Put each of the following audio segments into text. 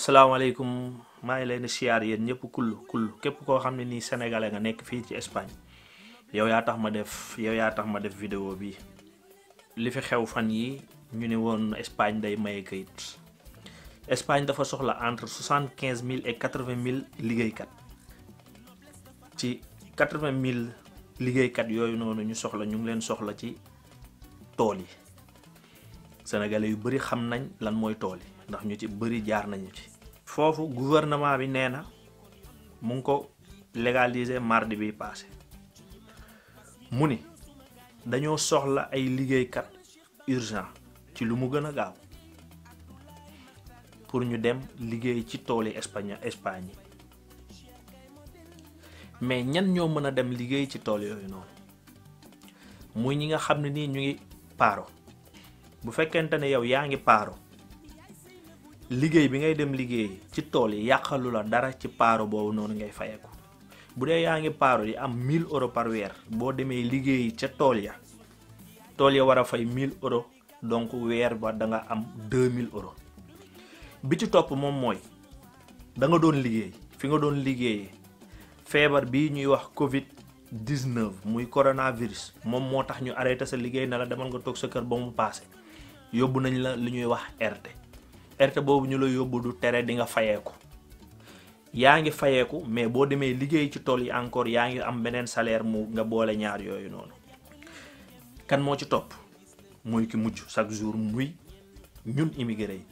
salaamaaleykum maa ngi leen di siyaar yéen ñëpp kull kull képp koo xam ne nii sénégalais nga nekk fii ci Espagne yow yaa tax ma def yow yaa tax ma def vidéo bi li fi xew fan yi ñu ne woon Espagne day maye kayit Espagne dafa soxla entre soixante quinze mille et quatre vingt mille liggéeykat ci quatre vingt mille liggéeykat yooyu noonu ñu soxla ñu ngi leen soxla ci tool yi sénégalais yu bëri xam nañ lan mooy tool yi. ndax ñu ci bëri jaar nañu ci foofu gouvernement bi nee na mu ngi ko légaliser mardi bi passé mu ni dañoo soxla ay liggéeykat urgent ci lu mu gën a gaaw pour ñu dem liggéey ci tooli Espagne Espagne yi mais ñan ñoo mën a dem liggéey ci tool yooyu noonu muy ñi nga xam ne nii ñu ngi paaro bu fekkente ne yow yaa ngi paaro liggéey bi ngay dem liggéey ci tool yi yàqalu la dara ci paaro boobu noonu ngay fayeku bu dee yaa ngi paaro yi am mille euros par weer boo demee liggéey ca tool ya tool ya war a fay 1000 euros donc weer ba danga nga am mille euro bi ci topp moom mooy da nga doon liggéey fi nga doon liggéey feebar bii ñuy wax Covid 19 muy coronavirus moom moo tax ñu arrêté sa liggéey na la demal nga toog sa kër ba mu paase yóbbu nañ la li ñuy wax RT. erte boobu ñu la yóbbu du tere di nga fayeeku yaa ngi fayeeku mais boo demee liggéey ci tool yi encore yaa ngi am beneen salaire mu nga boole ñaar yooyu noonu kan moo ci topp mooy ki mujj chaque jour muy ñun immigré yi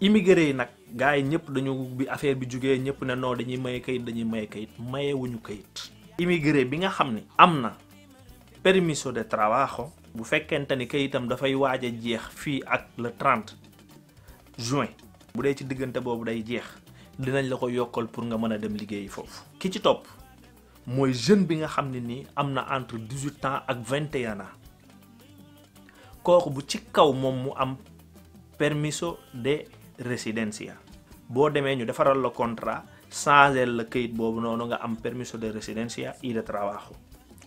immigré yi nag gars yi ñëpp dañu bi affaire bi jugee ñëpp ne non dañuy maye kayit dañuy maye kayit mayewuñu kayit. immigré bi nga xam ni am na permiso de trabajo bu fekkente ni kayitam dafay waaj a jeex fii ak le 30 juin bu dee ci diggante boobu day jeex dinañ la ko yokkal pour nga mën a dem liggéeyi foofu ki ci topp mooy jeune bi nga xam ne nii am na entre dix-huit ans ak vingt et ans kooku bu ci kaw moom mu am permiso de residencia boo demee ñu defaral la contrat changer la këyit boobu noonu nga am permiso de residencia y de trabajo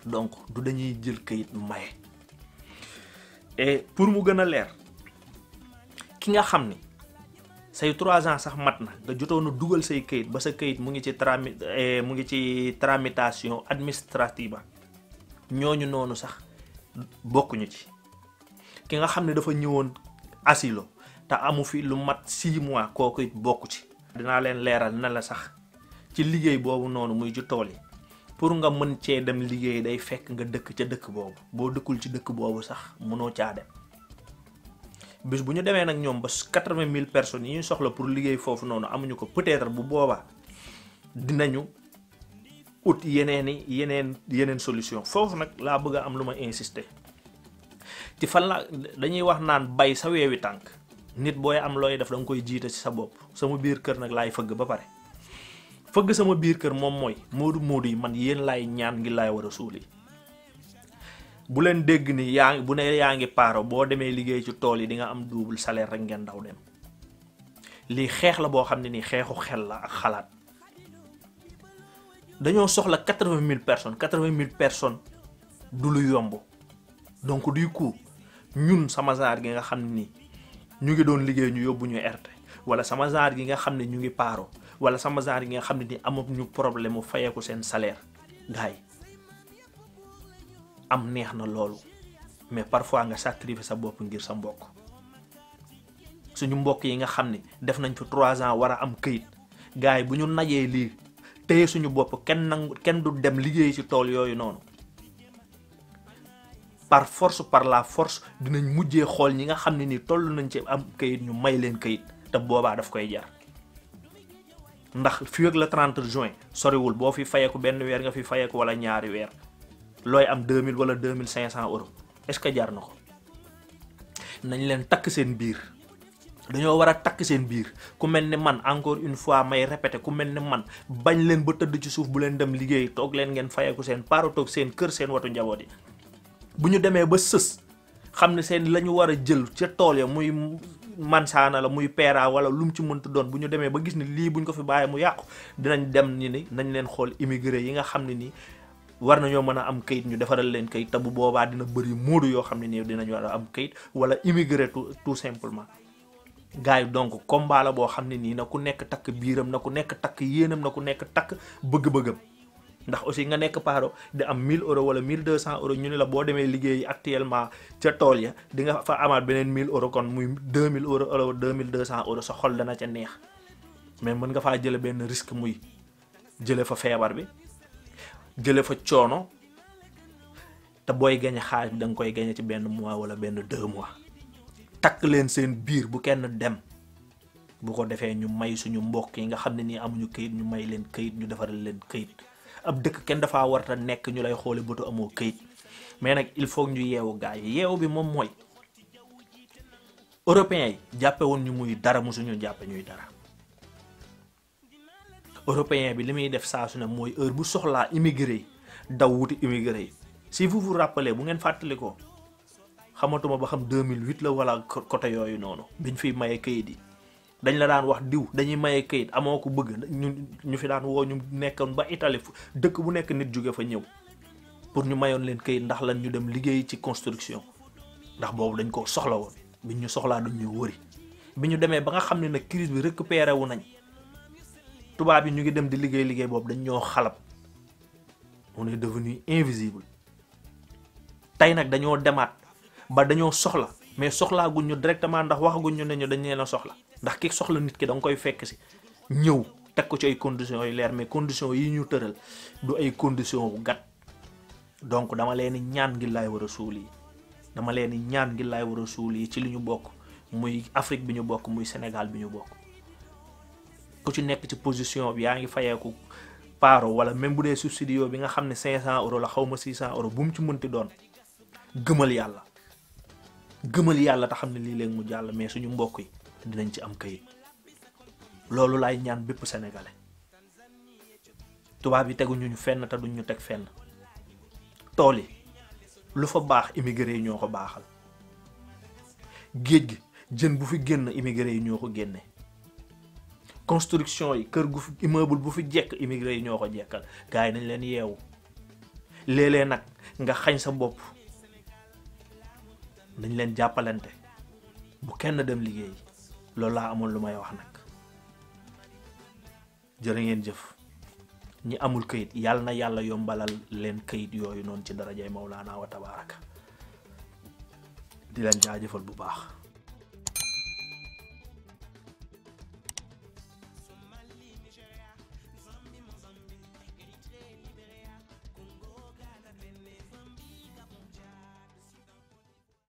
donc du dañuy jël këyit maye et pour mu gën a leer ki nga xam ni say trois ans sax mat na nga jotoon a dugal say kayit ba sa kayit mu ngi ci trami eh, mu ngi ci tramitation administrative ba ñooñu noonu sax bokkuñu ci ki nga xam ne dafa ñëwoon asilo te amu fi lu mat six mois kooku it bokku ci. dinaa leen leeral na la sax ci liggéey boobu noonu muy ci tool yi pour nga mën cee dem liggéey day fekk nga dëkk ca dëkk boobu boo dëkkul ci dëkk boobu sax mënoo caa dem. bis bu ñu demee nag ñoom ba quatre-vingt mille personnes yi ñu soxla pour liggéey foofu noonu amuñu ko peut bu boobaa dinañu ut yeneeni yeneen yeneen solution foofu nag laa bëgg a am lu ma insisté ci fan la dañuy wax naan bay sa weewi tànk nit booy am looy def da koy jiite ci sa bopp sama biir kër nag laay fëgg ba pare fëgg sama biir kër moom mooy moodu moodu yi man yéen laay ñaan ngir laay war a suul yi bu leen dégg ni yaa ngi bu ne yaa ngi paaro boo demee liggéey ci tool yi di nga am double salaire rek ngeen daw dem lii xeex la boo xam ne nii xeexu xel la ak xalaat dañoo soxla quatre-vingt mille personnes quatre-vingt mille du lu yomb donc du coup ñun sama genre gi nga xam ni nii ñu ngi doon liggéey ñu yóbbu ñu RT wala sama genre gi nga xam ne ñu ngi paaro wala sama genre gi nga xam ne nii amoon ñu problème mu fayeeku seen salaire gars yi am neex na loolu mais parfois nga sacrifier sa bopp ngir sa mbokk suñu mbokk yi nga xam ne def nañ fi trois ans war a am këyit gars yi bu ñu najee lii téye suñu bopp kenn nangu kenn du dem liggéey ci tool yooyu noonu par force par la force dinañ mujjee xool ñi nga xam ne ni toll nañ ci am këyit ñu may leen këyit te boobaa daf koy jar ndax fii ak le 30 juin soriwul boo fi fayeeku benn weer nga fi fayeeku wala ñaari weer looy am deux mille wala deux mille cinq cent euros est-ce que jar na ko nañ leen takk seen biir dañoo war a takk seen biir ku mel ni man encore une fois may répéter ku mel ni man bañ leen ba tëdd ci suuf bu leen dem liggéey toog leen ngeen fayeeku seen paaro toog seen kër seen watu njaboot yi bu ñu demee ba sës xam ne seen la ñu war a jël ca tool ya muy mansaana la muy peera wala lu mu ci mënta doon bu ñu demee ba gis ni lii buñ ko fi bàyyi mu yàqu dinañ dem ni ni nañ leen xool immigré yi nga xam ne nii war nañoo mën a am kayit ñu defaral leen kayit te bu boobaa dina bëri muudu yoo xam ne nii dinañu war am kayit wala immigré tout tout simplement. gars yi donc combat la boo xam ne nii na ku nekk takk biiram na ku nekk takk yéenam na ku nekk takk bëgg-bëggam ndax aussi nga nekk paaro di am 1000 euros wala 1200 euros ñu ne la boo demee liggéeyi actuellement ca tool ya di nga fa amaat beneen 1000 euros kon muy 2000 mille wala 2200 euros sa xol dana ca neex mais mën nga faa jële benn risque muy jële fa feebar bi jële fa coono te booy gañe xaalis bi da koy gañe ci benn mois wala benn deux mois takk leen seen biir bu kenn dem bu ko defee ñu may suñu mbokk yi nga xam ne nii amuñu këyit ñu may leen këyit ñu defaral leen këyit ab dëkk kenn dafa warta nekk ñu lay xoole bëtu amoo këyit mais nag il faut ñu yeewu gaa yi yeewu bi moom mooy européens yi jàppe woon ñu muy dara mosuñu jàppe ñuy dara européen bi li muy def saa su ne mooy heure bu soxlaa immigré yi daw wuti immigré yi si vous vous bu ngeen fàttali ko xamatuma ba xam 2008 la wala côté yooyu noonu biñ fiy maye kayit yi dañ la daan wax diw dañuy maye kayit amoo ko bëgg ñu ñu fi daan woo ñu nekkoon ba Italie dëkk bu nekk nit jóge fa ñëw pour ñu mayoon leen kayit ndax lan ñu dem liggéey ci construction ndax boobu dañ ko soxla woon biñ ñu soxlaa dañ wëri bi ñu demee ba nga xam ne nag crise bi récupéré wu nañ tubaab yi ñu ngi dem di liggéey liggéey boobu dañ ñoo xalab on est devenu invisible tey nag dañoo demaat ba dañoo soxla mais soxlaaguñ ñu directement ndax waxaguñ ñu ne ñu dañ leen a soxla ndax ki soxla nit ki danga koy fekk si ñëw teg ko ci ay conditions yu leer mais conditions yi ñu tëral du ay conditions wu gat donc dama leen ñaan ngir laay war a suul yi dama leen ñaan ngir laay war a suul yi ci li ñu bokk muy Afrique bi ñu bokk muy Sénégal bi ñu bokk. ku ci nekk ci position bi yaa ngi fayeeku paaro wala même bu dee subsidio bi nga xam ne 500 euros la xaw ma 600 euros bu mu ci mënti doon gëmal yàlla gëmal yàlla te xam ne lii leen mu jàll mais suñu mbokk yi dinañ ci am kayit loolu laay ñaan bépp sénégalais tubaab yi teguñu ñu fenn te duñ ñu teg fenn tool yi lu fa baax immigré yi ñoo ko baaxal géej gi jën bu fi génn immigré yi ñoo ko génne. construction yi kër gu immeuble bu fi jekk immigré yi ñoo ko jekkal gars yi nañ leen yeewu léeg nag nga xañ sa bopp nañ leen jàppalante bu kenn dem liggéey loolu laa amoon lu may wax nag jërë ngeen jëf ñi amul këyit yàlla na yàlla yombalal leen kayit yooyu noonu ci darajay laa wa tabaaraka di leen jaajëfal bu baax